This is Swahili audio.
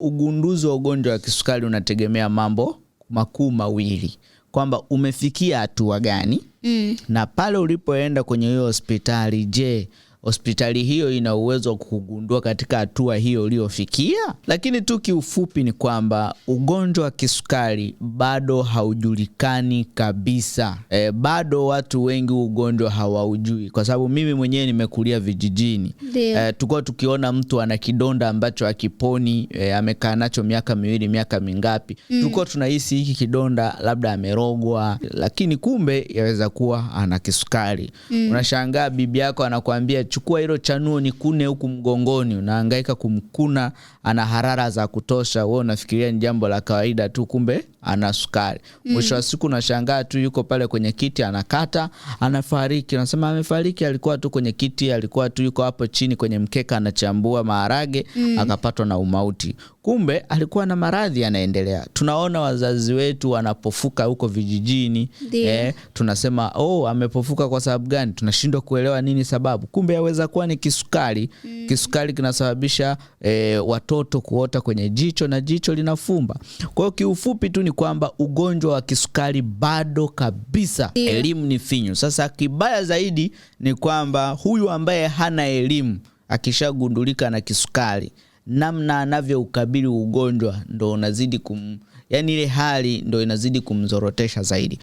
ugunduzi wa ugonjwa wa kisukari unategemea mambo makuu mawili, kwamba umefikia hatua gani mm. na pale ulipoenda kwenye hiyo hospitali, je, hospitali hiyo ina uwezo wa kugundua katika hatua hiyo uliyofikia. Lakini tu kiufupi ni kwamba ugonjwa wa kisukari bado haujulikani kabisa. E, bado watu wengi ugonjwa hawaujui, kwa sababu mimi mwenyewe nimekulia vijijini. E, tulikuwa tukiona mtu ana kidonda ambacho akiponi, e, amekaa nacho miaka miwili miaka mingapi, mm. tulikuwa tunahisi hiki kidonda labda amerogwa, lakini kumbe yaweza kuwa ana kisukari mm. Unashangaa bibi yako anakuambia Chukua hilo chanuo ni kune huku mgongoni, unahangaika kumkuna, ana harara za kutosha, wewe unafikiria ni jambo la kawaida tu, kumbe ana sukari. Mm. Mwisho mm. wa siku unashangaa tu yuko pale kwenye kiti anakata, anafariki. Unasema amefariki, alikuwa tu kwenye kiti, alikuwa tu yuko hapo chini kwenye mkeka anachambua maharage mm. akapatwa na umauti, kumbe alikuwa na maradhi yanaendelea. Tunaona wazazi wetu wanapofuka huko vijijini eh, tunasema oh, amepofuka kwa sababu gani? Tunashindwa kuelewa nini sababu, kumbe yaweza kuwa ni kisukari mm. Kisukari kinasababisha e, watoto kuota kwenye jicho na jicho linafumba. Kwa hiyo kiufupi tu ni kwamba ugonjwa wa kisukari bado kabisa yeah. Elimu ni finyu. Sasa kibaya zaidi ni kwamba huyu ambaye hana elimu akishagundulika na kisukari, namna anavyoukabili ugonjwa ndo unazidi kum, yani ile hali ndo inazidi kumzorotesha zaidi.